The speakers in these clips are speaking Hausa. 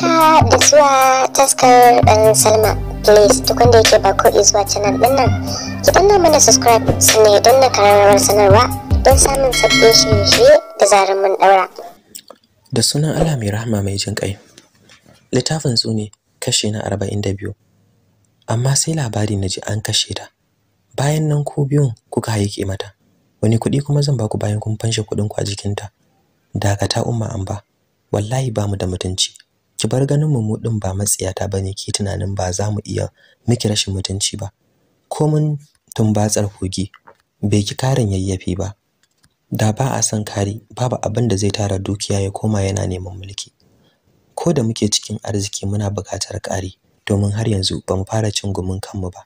haka da zuwa taskar dan salma please duk wanda yake ba ko zuwa canal din nan ki danna mana subscribe sannan ya danna karamar sanarwa don samun sabbin shirye-shirye da zarar mun daura da sunan allah mai rahama mai jin kai littafin ne kashe na arba'in da biyu amma sai labari na ji an kashe ta bayan nan ku biyun kuka haike mata wani kuɗi kuma zan baku bayan kun fanshe kuɗin ku a jikinta dakata umma an ba wallahi ba mu da mutunci ki bar ganin mu mu din ba matsiyata bane ki tunanin ba za mu iya miki rashin mutunci ba Ko mun tumbatsar kogi bai ki karin yayyafi ba da ba a son kari babu abin da zai tara dukiya ya koma yana neman mulki ko da muke cikin arziki muna buƙatar kari domin har yanzu ba mu fara cin gumin kanmu ba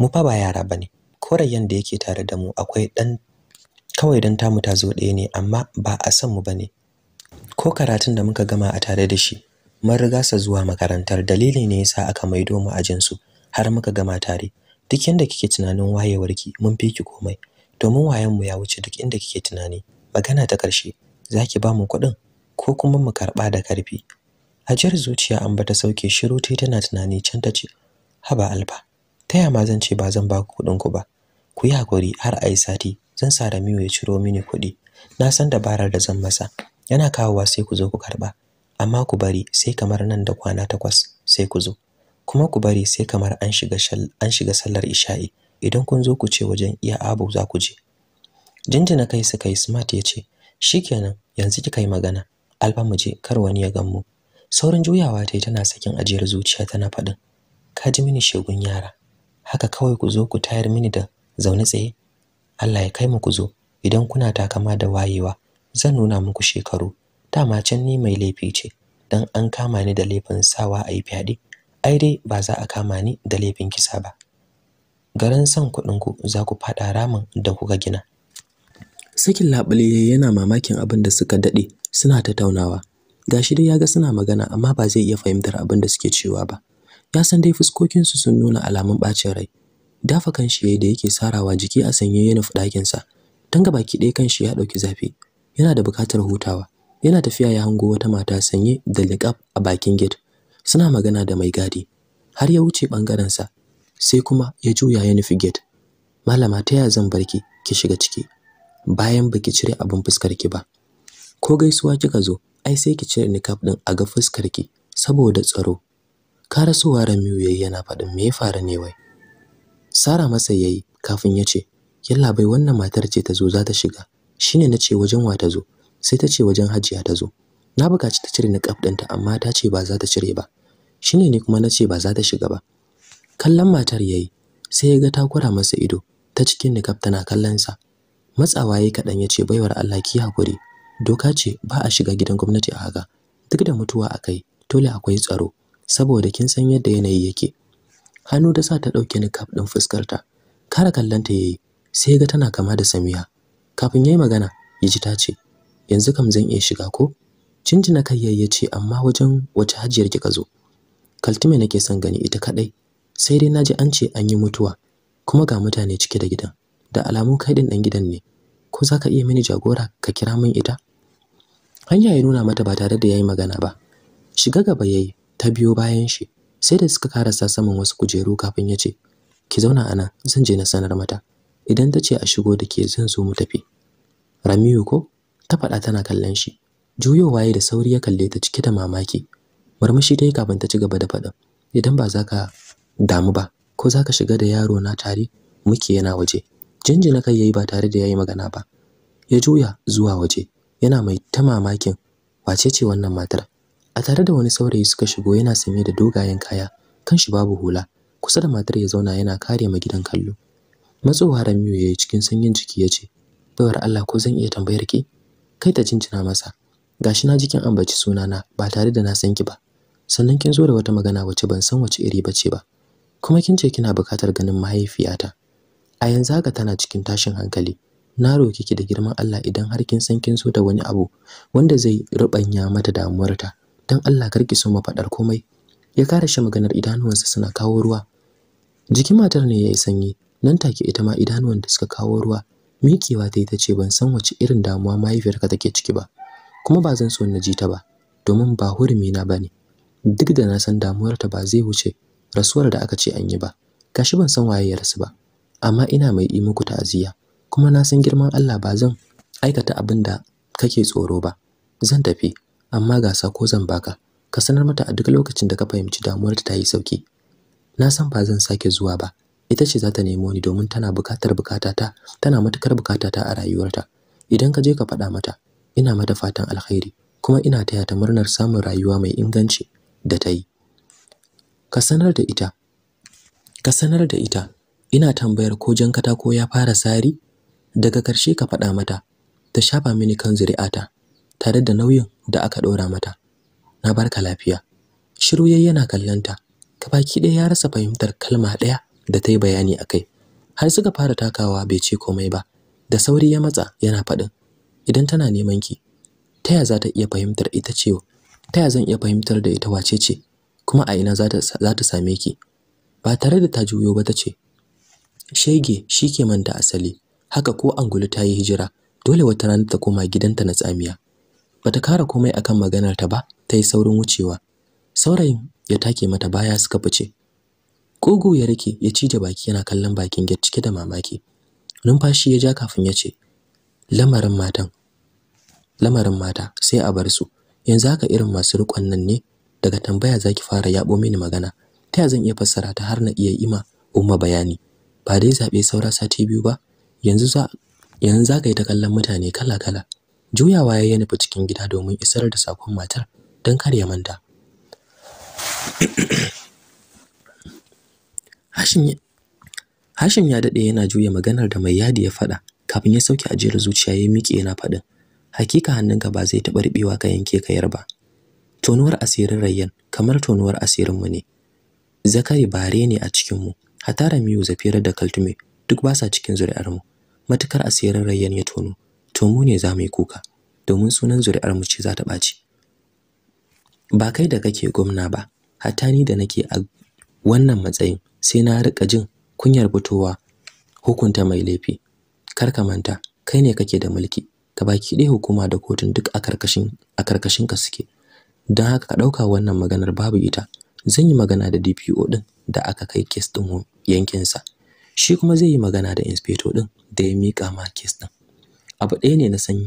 mu fa ba yara bane korayen da yake tare da mu akwai dan kawai dan tamu ta zo ɗaya ne amma ba a son mu bane ko karatun da muka gama a tare da shi mun riga sa zuwa makarantar dalili ne yasa aka maido mu a jinsu har muka gama tare duk inda kike tunanin wayewar ki, mun fi ki komai domin wayan mu ya wuce duk inda kike tunani magana ta karshe zaki ba mu kuɗin ko kuma mu karɓa da karfi ajiyar zuciya an bata sauke shiru tai tana tunani can ta ce haba alfa taya ma zan ce ba zan ba ku kuɗin ku ba ku yi hakuri har a yi sati zan sa Ramiyu ya ciro mini kuɗi na san dabarar da zan masa yana kawowa sai ku zo ku karɓa amma ku bari sai kamar nan da kwana takwas sai ku zo kuma ku bari sai kamar an shiga an shiga sallar isha'i idan kun zo ku ce wajen iya abu za ku je jinjina kai suka yi smart ya ce shi shikenan yanzu kika yi magana alfa mu je kar wani ya gan mu saurin juyawa ta tana sakin ajiyar zuciya tana faɗin ka ji mini shegun yara haka kawai ku zo ku tayar mini da zaune tsaye Allah ya kai mu ku zo idan kuna takama da wayewa zan nuna muku shekaru dama can ni mai laifi ce dan an kama ni da laifin sawa a yi fyaɗe ai dai ba za a kama ni da laifin kisa ba garin son kuɗinku za ku faɗa ramin da kuka gina sakin labule yana mamakin abin da suka daɗe suna tattaunawa gashi dai ya ga suna magana amma ba zai iya fahimtar abin da suke cewa ba ya san dai fuskokinsu sun nuna alamun ɓacin rai dafa kan shi da yake sarawa jiki a sanye yana ɗakinsa tanga baki ɗaya kan shi ya ɗauki zafi yana da buƙatar hutawa yana tafiya ya hango wata mata sanye da liƙaf a bakin gate suna magana da mai gadi har ya wuce bangaren sa sai kuma ya juya ya nufi gate malama ta ya zan barki ki shiga ciki bayan baki cire abin fuskar ki ba ko gaisuwa kika zo ai sai ki cire niqab din a ga fuskar ki saboda tsaro karasowa Ramiu yayi yana faɗin me ya fara ne wai Sara masa yayi kafin ya ce yalla bai wannan matar ce ta zo za ta shiga shine ce wajen wa ta zo sai ta ce wajen hajiya ta zo na bukaci ta cire niƙaf ɗinta amma ta ce ba za ta cire ba shine ne kuma na ce ba za ta shiga ba kallon matar yayi sai ya ga ta kura masa ido ta cikin niƙaf tana kallon sa matsawa yayi kaɗan ya ce baiwar Allah ki hakuri doka ce ba a shiga gidan gwamnati a haka duk da mutuwa akai dole akwai tsaro saboda kin san yadda yanayi yake hannu ta sa ta ɗauke niƙaf ɗin fuskarta kara kallonta yayi sai ya ga tana kama da Samiya kafin yayi magana ya ta ce yanzu kam zan iya shiga ko Cinjina kai ya ce amma wajen wace hajiyar kika zo kaltume nake son gani ita kadai sai dai naji an ce an yi mutuwa kuma ga mutane cike da gidan da alamun kai din dan gidan ne ko za ka iya mini jagora ka kira min ita hanya ya nuna mata ba tare da yayi magana ba shiga gaba yayi ta biyo bayan shi sai da suka karasa saman wasu kujeru kafin ya ce ki zauna ana zan je na sanar mata idan ta ce a shigo dake zan zo mu tafi ramiyu ko ta faɗa tana kallon shi juyowa ya da sauri ya kalle ta cike da mamaki murmushi dai kafin ta ci gaba da faɗa idan ba za ka damu ba ko za ka shiga da yaro na tare muke yana waje na kai yayi ba tare da yayi magana ba ya juya zuwa waje yana mai ta mamakin wace ce wannan matar a tare da wani saurayi suka shigo yana sanye da dogayen kaya kan shi babu hula kusa da matar ya zauna yana kare ma gidan kallo matsowa Ramiyu yayi cikin sanyin jiki ya ce. bawar Allah ko zan iya tambayar ki kai ta cincina masa gashi na jikin ambaci sunana ba tare da na san ki ba sannan kin zo da wata magana wacce ban san wace iri bace ba kuma kin ce kina buƙatar ganin mahaifiyata a yanzu haka tana cikin tashin hankali na roki ki da girman Allah idan har kin san kin zo da wani abu wanda zai rubanya mata damuwar ta, dan Allah kar ki so mu faɗar komai ya kare shi maganar idanuwansa suna kawo ruwa jikin matar ne yayi sanyi nan take ita ma idanuwan da suka kawo ruwa miƙewa ta yi ce ban san wace irin damuwa mahaifiyarka take ciki ba kuma ba zan so na ji ta ba domin ba hurumi na bane duk da na san damuwarta ba zai wuce rasuwar da aka ce an yi ba gashi ban san waye ya rasu ba amma ina mai yi muku ta'aziya, kuma na san girman Allah ba zan aikata abin da kake tsoro ba zan tafi amma gasa ko zan baka ka sanar mata a duk lokacin da ka fahimci damuwarta ta yi sauki na san ba zan sake zuwa ba ita ce za ta nemo ni domin tana bukatar bukatata tana matukar bukatata a rayuwarta idan ka je ka faɗa mata ina mata fatan alkhairi kuma ina taya ta murnar samun rayuwa mai inganci da ta yi ka sanar da ita ka sanar da ita ina tambayar ko jan katako ya fara sari daga ƙarshe ka faɗa mata ta shafa mini kan zuri'ata tare da nauyin da aka ɗora mata na barka lafiya shiru yayyana kallonta ka baki ɗaya ya rasa fahimtar kalma ɗaya da ta yi bayani a kai har suka fara takawa bai ce komai ba da sauri ya matsa yana faɗin idan tana neman ki ta ya za ta iya fahimtar ita ce ta ya zan iya fahimtar da ita wace ce kuma a ina za ta same ki ba tare da ta juyo ba ta ce shege shi ke manta asali haka ko angulu ta yi hijira dole wata rana ta koma gidanta na tsamiya bata kara komai akan maganar ta ba ta yi saurin wucewa saurayin ya take mata baya suka fice Kogo ya rike ya cije baki yana kallon bakin gate cike da mamaki. Numfashi ya ja kafin ya ce, lamarin matan, lamarin mata sai a bar su. Yanzu haka irin masu riƙon nan ne daga tambaya zaki fara yaɓo mini magana. Ta zan iya fassara ta har na iya ima ma umma bayani. Ba dai zaɓe saura sati biyu ba, yanzu za yanzu za ka yi ta kallon mutane kala-kala. Juyawa ya yi nufi cikin gida domin isar da sakon matar don kar ya manta. Hashim Hashim ya dade yana juya maganar da mai yadi ya faɗa kafin ya sauke ajiyar zuciya ya miƙe yana faɗin hakika hannunka ba zai taɓa riɓewa ka yanke ka yarba tonuwar asirin rayyan kamar tonuwar asirin mu ne zakari bare ne a cikin mu hatara miyu zafira da kaltume duk ba sa cikin zuri'ar mu matukar asirin rayyan ya tono to mu ne za mu yi kuka domin sunan zuri'ar mu ce za ta ɓaci ba kai da kake gwamna ba hatani ni da nake a wannan matsayin sai na rika jin kunyar fitowa hukunta mai laifi kar ka manta kai ne kake da mulki ka baki ɗaya hukuma da kotun duk a karkashin a karkashin ka suke don haka ka ɗauka wannan maganar babu ita zan yi magana da DPO ɗin da aka kai kes ɗin sa, shi kuma zai yi magana da inspector ɗin da ya mika ma kes ɗin abu ɗaya ne na san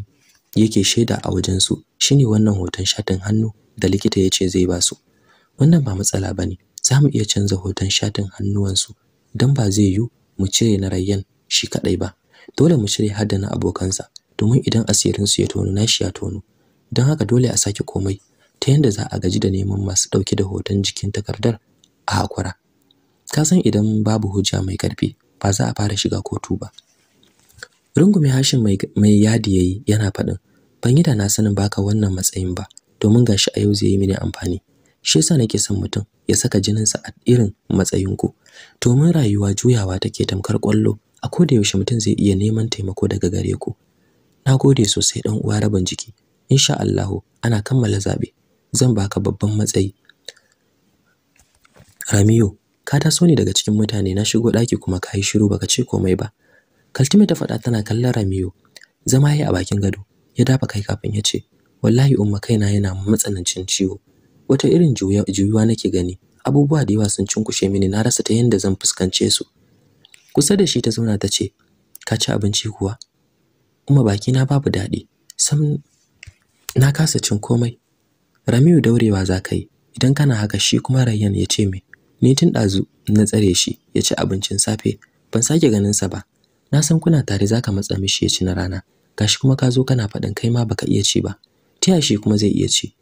yake shaida a wajen su shine wannan hoton shatin hannu da likita ya ce zai ba su wannan ba matsala bane za mu iya canza hoton shatin hannuwansu don ba zai yiwu mu cire na Rayyan shi kaɗai ba. Dole mu cire har da na abokansa domin idan asirinsu ya tono shi ya tono. Don haka dole a sake komai ta yadda za a gaji da neman masu ɗauke da hoton jikin takardar a hakura. Ka san idan babu hujja mai ƙarfi ba za a fara shiga kotu ba. Rungume hashin mai, yadi ya yi yana faɗin ban yi da na sanin baka wannan matsayin ba domin gashi a yau zai yi mini amfani. shi yasa nake son mutum ya saka jininsa a irin matsayinku domin rayuwa juyawa take tamkar kwallo a koda yaushe mutum zai iya neman taimako daga gare ku Na gode sosai dan uwa rabin jiki insha Allah ana kammala zabe zan baka babban matsayi Ramiyo ka taso ni daga cikin mutane na shigo daki kuma ka yi shiru baka ce komai ba Kaltime ta faɗa tana kallon Ramiyo zama yayi a bakin gado ya dafa kai kafin ya ce wallahi umma kaina yana matsanancin ciwo wata irin juyuwa nake gani abubuwa da yawa sun cinkushe mini na rasa ta yadda zan fuskance su kusa da shi ta zauna ta ce ka ci abinci kuwa kuma baki na babu daɗi sam na kasa cin komai ramiyu daurewa za ka yi idan kana haka shi kuma rayyan ya ce mai ni tun ɗazu na tsare shi ya ci abincin safe ban sake ganin sa ba na san kuna tare za ka matsa mishi ya ci na rana gashi kuma ka zo kana faɗin kai ma baka iya ci ba ta shi kuma zai iya ci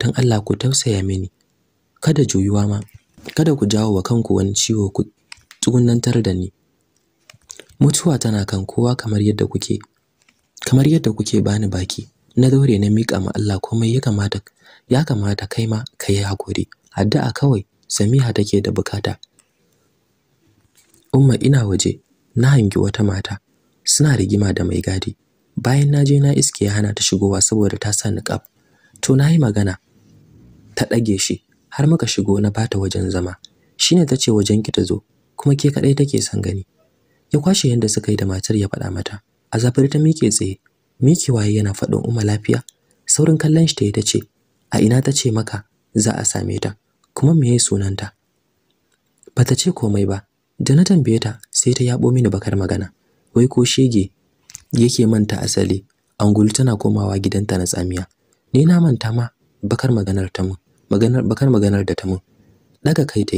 don Allah ku tausaya mini kada juyuwa ma kada ku jawo wa kanku wani ciwo ku tsugunantar da ni mutuwa tana kan kowa kamar yadda kuke kamar yadda kuke bani baki na daure na miƙa ma Allah komai ya kamata ya kamata kai ma ka yi hakuri addu'a kawai Samiha take da bukata Umma ina waje na hangi wata mata suna rigima da mai gadi bayan na je na iske hana ta shigowa saboda ta sa niqab to nayi magana ta ɗage shi har muka shigo na bata wajen zama shine ta ce wajen ki ta zo kuma ke kaɗai take son gani ya kwashe yadda suka yi da matar ya faɗa mata a zafar ta miƙe tsaye miki waye yana faɗin umma lafiya saurin kallon shi ta yi ta ce a ina ta ce maka za a same ta kuma yi sunanta bata ce komai ba da na tambaye ta sai ta yaɓo mini bakar magana wai ko shege yake manta asali angulu tana komawa gidanta na tsamiya ni na manta ma bakar maganar ta mun maganar bakar maganar da ta mun daga kai ta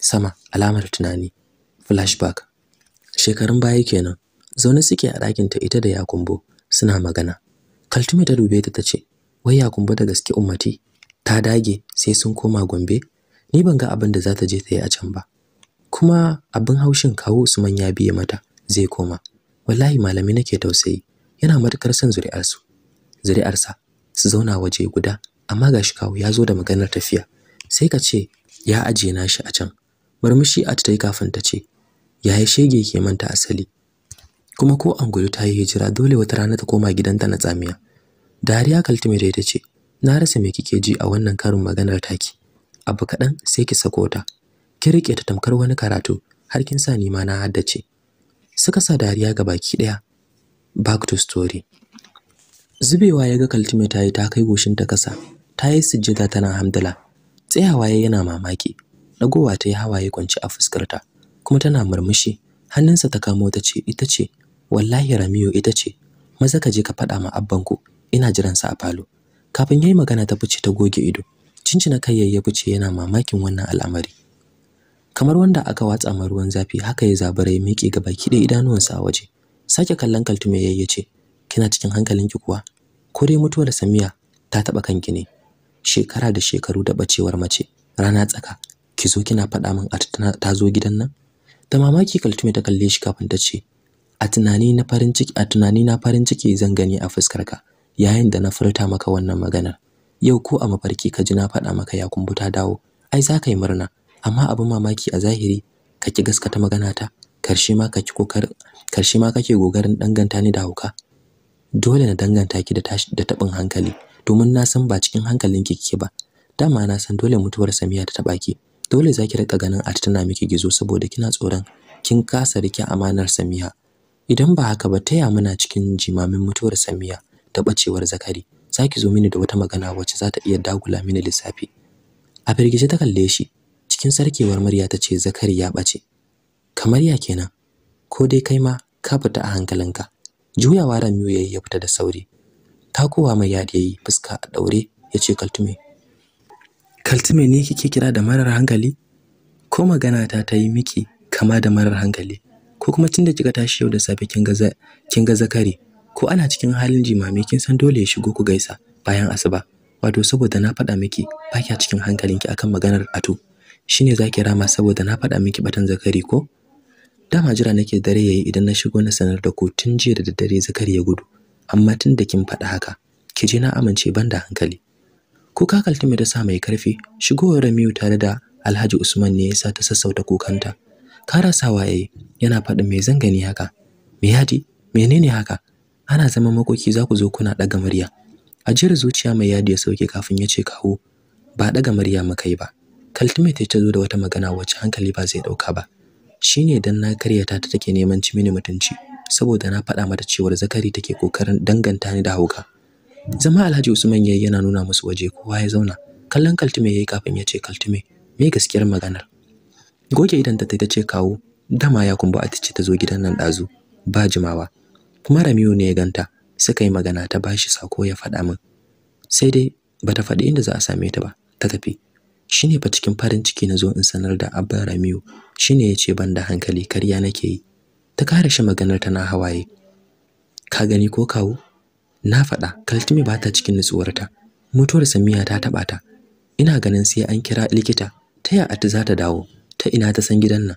sama alamar tunani flashback shekarun baya kenan zaune suke a ɗakin ta ita da yakumbo suna magana kaltume ta dube ta tace wai yakumbo da gaske ummati ta dage sai sun koma gombe ni ban ga abin da za ta je ta yi a can ba kuma abin haushin kawo usman ya biye mata zai koma wallahi malami nake tausayi yana matukar son zuri'arsu zuri'arsa su zauna waje guda amma gashi kawo ya zo da maganar tafiya sai ka ce ya ajiye nashi a can murmushi at ta yi kafin ta ce yaya shege ke manta asali kuma ko angulu ta yi hijira dole wata rana ta koma gidanta na tsamiya dariya da ta ce na rasa me kike ji a wannan karin maganar taki abu kaɗan sai ki sako ta ki riƙe ta tamkar wani karatu har kin sa nima na haddace suka sa dariya ga baki ɗaya back to story zubewa ya ga ta yi ta kai goshin ta kasa ta yi sujjada tana hamdala tsayawa yana mamaki ragowa ta yi hawaye kwanci a fuskarta kuma tana murmushi hannunsa ta kamo ta ce ita ce wallahi ramiyo ita ce maza ka je ka faɗa ma abbanku ina jiransa a falo kafin yayi magana ta fice ta goge ido cincina kai ya fice yana mamakin wannan al'amari kamar wanda aka watsa ma ruwan zafi haka ya zabara ya miƙe gaba kiɗe idanuwansa a waje sake kallon kaltume yayye ce kina cikin hankalinki kuwa ko dai mutuwar samiya ta taɓa kanki ne shekara da shekaru da bacewar mace rana tsaka ki zo kina faɗa min at ta zo gidan nan ta mamaki kaltume ta kalle shi kafin ta ce a tunani na farin ciki a tunani na farin ciki zan gani a fuskar fuskarka yayin da na furta maka wannan maganar yau ko a mafarki ka ji na faɗa maka ya kumbuta dawo ai za ka yi murna amma abin mamaki a zahiri ka ki gaskata maganata karshe ma ki kokar karshe ma kake gogarin danganta ni da hauka dole na danganta ki da tashi da tabin hankali domin na san ba cikin hankalinki kike ba dama na san dole mutuwar Samiya ta taba ki dole zaki rika ganin a tana miki gizo saboda kina tsoron kin kasa rike amanar Samiya idan ba haka ba taya muna cikin jimamin mutuwar Samiya da bacewar Zakari zaki zo mini da wata magana wacce za ta iya dagula mini lissafi a firgice ta kalle shi cikin sarkewar murya ta ce Zakari ya bace kamar ya kenan ko dai kai ma ka fita a hankalinka juyawa Ramiyu yayi ya fita da sauri takowa mai yadi yayi fuska a daure yace kaltume kaltume ne kike kira da marar hankali ko magana ta tayi miki kama da marar hankali ko kuma tunda kika tashi yau da safe kin ga kin ga zakari ko ana cikin halin jimami kin san dole ya shigo ku gaisa bayan asuba wato saboda na faɗa miki ba kya cikin hankalinki akan maganar ato shine zaki rama saboda na faɗa miki batan zakari ko dama jira nake dare yayi idan na shigo na sanar da ku tun jiya da daddare zakari ya gudu amma tun da kin faɗi haka ki je na amince ban da hankali kuka kaltume ta sa mai karfi shigowar Ramiu tare da Alhaji Usman ne yasa ta sassauta kukanta karasawa yayi yana faɗin me zangani haka me yadi menene haka ana zama makoki za ku zo kuna ɗaga murya ajiyar zuciya mai yadi ya sauke kafin ya ce kawo ba ɗaga murya muka yi ba kaltimate ta zo da wata magana wacce hankali ba zai ɗauka ba shine dan na karyata ta take neman ci mini mutunci saboda na faɗa mata cewa zakari take kokarin danganta ni da hauka zama alhaji usman yayi yana nuna musu waje kowa ya zauna kallon kaltume yayi kafin ya ce kaltume me gaskiyar maganar goge idan ta ta ce kawo dama ya kumbu a tace ta zo gidan nan ɗazu ba jimawa kuma ramiyu ne ya ganta suka yi magana ta bashi sako ya faɗa min sai dai ba ta faɗi inda za a same ta ba ta tafi shine fa cikin farin ciki na zo in sanar da abba shi shine ya ce ban da hankali karya nake yi ta kare shi maganar tana hawaye ka gani ko kawo na faɗa kaltumi ba ta cikin nutsuwarta mutuwar samiya ta taɓa ta ina ganin sai an kira likita ta ya ati za ta dawo ta ina ta san gidan nan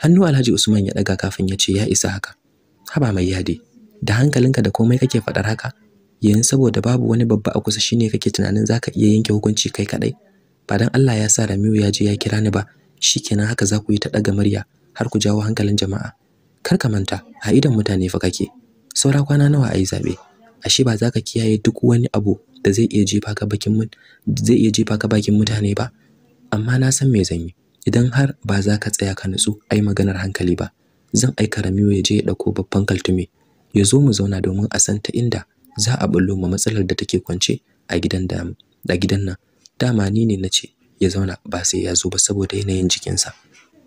hannu alhaji usman ya ɗaga kafin ya ce ya isa haka haba mai yadi da hankalinka da komai kake faɗar haka yanzu saboda babu wani babba a kusa shine kake tunanin zaka iya yanke hukunci kai kaɗai. ba dan Allah ya sa Ramiu ya je ya kira ni ba shikenan haka za ku yi ta daga murya har ku jawo hankalin jama'a kar ka manta a idan mutane fa kake saura kwana nawa ayi zabe ashe ba za ka kiyaye duk wani abu da zai iya jefa ka bakin zai iya jefa ka bakin mutane ba amma na san me zan yi idan har ba za ka tsaya ka nutsu ai maganar hankali ba zan aika Ramiyo ya je ya dauko babban kaltume ya zo mu zauna domin a san ta inda za a bullo ma matsalar da take kwance a gidan da da gidan nan dama ni ne nace ya zauna ba sai ya zo ba saboda yanayin jikinsa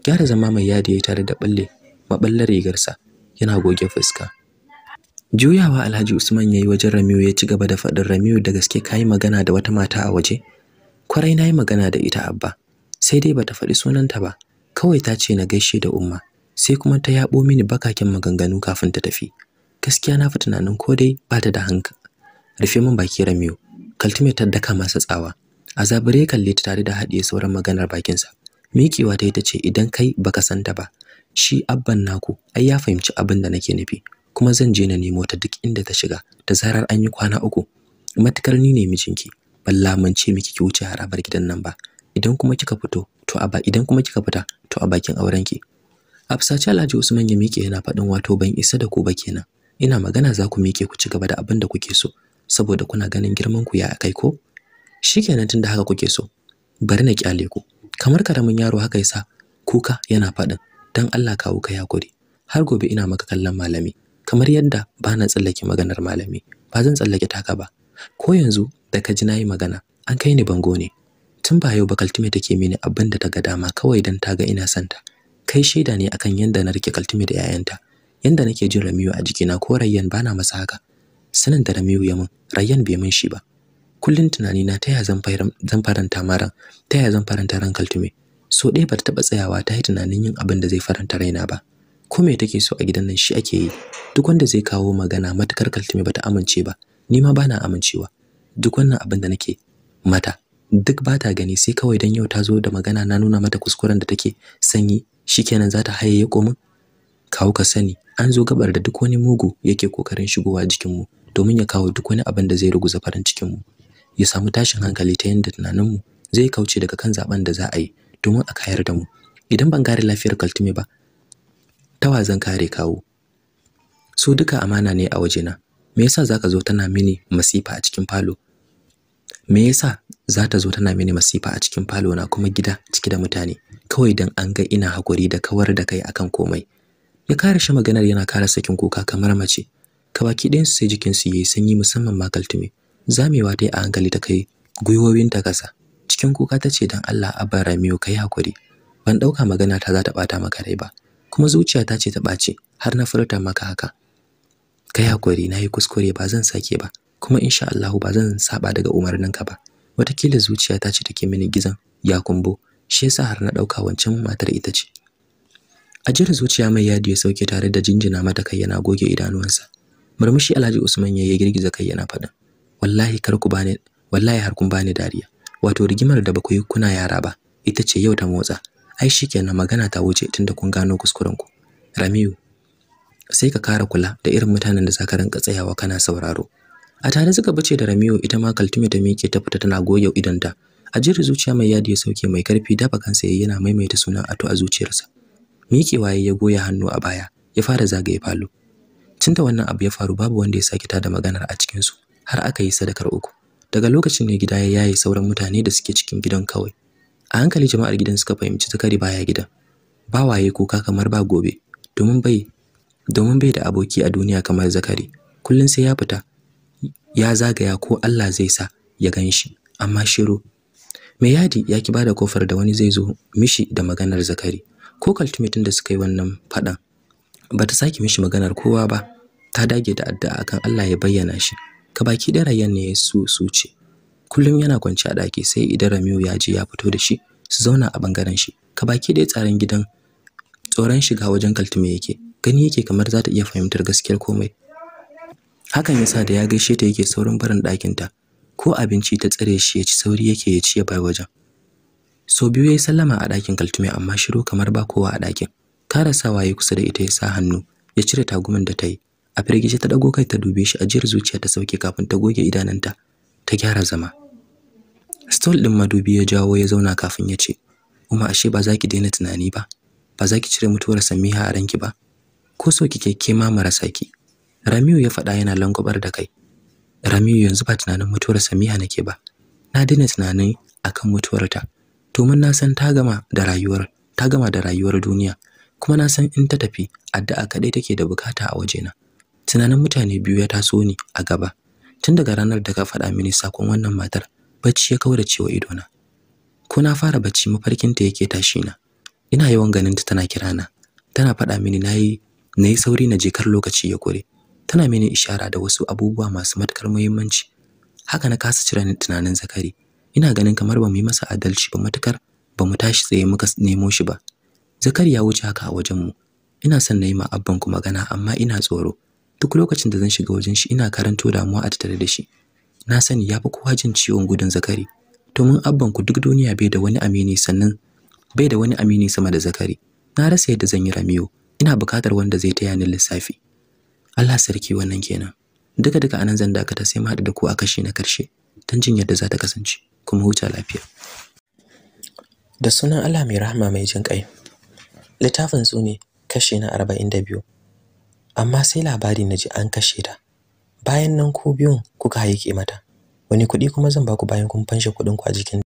gyara zama mai yadi ya tare da balle maɓallar rigarsa yana goge fuska juyawa alhaji usman ya yi wajen ramiyu ya ci gaba da faɗin ramiyu da gaske ka yi magana da wata mata a waje kwarai na yi magana da ita abba sai dai bata faɗi sunanta ba kawai ta ce na gaishe da umma sai kuma ta yaɓo mini bakakin maganganu kafin ta tafi gaskiya na fi tunanin ko dai bata da hanka. rufe min baki ramiyo kaltume ta daka masa tsawa azabire kalle ta tare da haɗiye sauran maganar bakinsa miƙewa ta yi ta ce idan kai baka santa ba shi abban naku ai ya fahimci abin da nake nufi kuma zan je na nemo ta duk inda ta shiga ta zarar an yi kwana uku matukar ni ne mijinki balla mun ce miki ki wuce harabar gidan nan ba idan kuma kika fito to a ba idan kuma kika fita to a bakin aurenki Afsace Alhaji Usman ya miƙe yana faɗin wato ban isa da ku ba kenan ina magana za ku miƙe ku ci gaba da abin da kuke so saboda kuna ganin girman ku ya kai ko Shi shikenan tunda haka kuke so bari na kyale ku kamar karamin yaro haka yasa kuka yana faɗin dan Allah kawo ka yakuri har gobe ina maka kallon malami kamar yadda ba na tsallake maganar malami ba zan tsallake taka ba ko yanzu da ka ji nayi magana an kai ni bango ne tun ba yau ba kaltume take mini abin da ta ga dama kawai dan ta ga ina santa kai shaida ne akan yanda na rike kaltume da yayanta yanda nake jin Ramiyu a jikina ko Rayyan bana masa haka sanin da Ramiyu ya mun Rayyan bai mun shi ba kullun tunani na ta ya zan faranta maran ya zan faranta ran kaltume so ɗaya bata taɓa tsayawa ta yi tunanin yin abin da zai faranta raina ba ko me take so a gidan nan shi ake yi duk wanda zai kawo magana matakar kaltume bata amince ba ni ma bana amincewa duk wannan abin da nake mata duk bata gani sai kawai dan yau ta zo da magana na nuna mata kuskuren da take sanyi shikenan za ta hayaye komai, kawo ka sani an zo gabar da duk wani mugu yake kokarin shigowa jikinmu domin ya kawo duk wani abin da zai ruguza farin cikinmu ya samu tashin hankali ta yadda tunaninmu zai kauce daga kan zaben da za a yi domin a kayar da mu idan ban gare lafiyar kaltume ba ta wa zan kare kawo su duka amana ne a wajena me yasa zaka zo tana mini masifa a cikin falo me yasa za ta zo tana mini masifa a cikin falo na kuma gida cike da mutane kawai dan an ga ina hakuri da kawar da kai akan komai ya kare shi maganar yana kare sakin kuka kamar mace ka baki sai jikin su yayi sanyi musamman ma kaltume zamewa dai a hankali ta kai gwiwowinta kasa Cikin kuka ta ce don Allah Abba Ramiu kai hakuri. Ban ɗauka magana ta za ta ɓata maka rai ba. Kuma zuciya ta ce ta bace har na furta maka haka. Kai hakuri nayi kuskure ba zan sake ba. Kuma insha Allahu ba zan saba daga umarninka ba. zuciya ta ce take mini gizan ya kumbo. Shi yasa har na ɗauka wancan matar ita ce. Ajiyar zuciya mai yadi ya sauke tare da jinjina mata kai yana goge idanuwansa. Murmushi Alhaji Usman ya yi girgiza kai yana faɗin. Wallahi kar ku wallahi har kun bani dariya. wato rigimar da bakwai yi kuna yara ba ita ce yau ta motsa ai shikenan magana ta wuce tunda kun gano kuskuren ku Ramiu sai ka kara kula da irin mutanen da zaka rinka tsayawa kana sauraro a tare suka bace da Ramiu ita ma Kaltume ta miƙe ta fita tana goge idanta a jiri zuciya mai yadi ya sauke mai karfi dafa kansa yayi yana maimaita sunan Ato a zuciyarsa waye ya goya hannu a baya ya fara zagaye falo tunda wannan abu ya faru babu wanda ya sake da maganar a cikin su har aka yi sadakar uku daga lokacin ne gida ya yaye sauran mutane da suke cikin gidan kawai a hankali jama'ar gidan suka fahimci zakari baya gida ba waye kuka kamar ba gobe domin bai domin bai da aboki a duniya kamar zakari kullum sai ya fita ya zagaya ko Allah zai sa ya gan shi amma shiru mai yadi ya ki bada kofar da wani zai zo mishi da maganar zakari ko kaltumitin da suka yi wannan faɗan ba ta sake mishi maganar kowa ba ta dage da addu'a akan Allah ya bayyana shi Gabaki da Rayyan ne su su ce. Kullum yana kwance a daki sai idan Ramiu ya je ya fito da shi su zauna a bangaren shi. Gabaki ɗaya tsaron gidan tsoron shiga wajen kaltume yake. Gani yake kamar za ta iya fahimtar gaskiyar komai. Hakan yasa da ya gaishe ta yake saurin barin ta Ko abinci ta tsare shi ya ci sauri yake ya ci ya bai wajen. Sau biyu ya yi sallama a ɗakin kaltume amma shiru kamar ba kowa a ɗakin. Karasawa ya kusa da ita ya sa hannu ya cire tagumin da ta yi. a firgice ta dago kai ta dube shi ajiyar zuciya ta sauke kafin ta goge idananta ta gyara zama stol din madubi ya jawo ya zauna kafin ya ce Uma ashe ba za ki daina tunani ba ba za ki cire mutuwar Samiha a ranki ba ko so ki ke ma marasa ki Ramiu ya faɗa yana langwabar da kai Ramiu yanzu ba tunanin mutuwar Samiha nake ba na daina tunanin akan mutuwarta domin na san ta gama da rayuwar ta gama da rayuwar duniya kuma na san in ta tafi addu'a kaɗai take da bukata a wajena tunanin mutane biyu ya taso ni a gaba tun daga ranar da ka faɗa mini sakon wannan matar bacci ya da cewa idona ko na fara bacci mafarkin ta yake tashi na ina yawan ganin ta tana kira na tana faɗa mini nayi nayi sauri na je kar lokaci ya kure tana mini ishara da wasu abubuwa masu matukar muhimmanci haka na kasa cire tunanin zakari ina ganin kamar ba mu yi masa adalci ba matukar ba mu tashi tsaye muka nemo shi ba zakari ya wuce haka a wajen mu ina son na yi ma abban ku magana amma ina tsoro duk lokacin da zan shiga wajen shi ina karanto damuwa a tattare da shi na sani yafi kowa jin ciwon gudun zakari domin abban ku duk duniya bai da wani amini sannan bai da wani amini sama da zakari na rasa yadda zan yi ramiyo ina buƙatar wanda zai taya ni lissafi Allah sarki wannan kenan duka duka anan zan dakata sai mu haɗu da ku a kashi na karshe don jin yadda za ta kasance kuma huta lafiya da sunan Allah mai rahama mai jin ƙai littafin ne kashi na 42 amma sai labari na ji an kashe ta bayan nan ku biyun kuka haike mata wani kuɗi kuma zan ba ku bayan kun fanshe kuɗin ku a jikin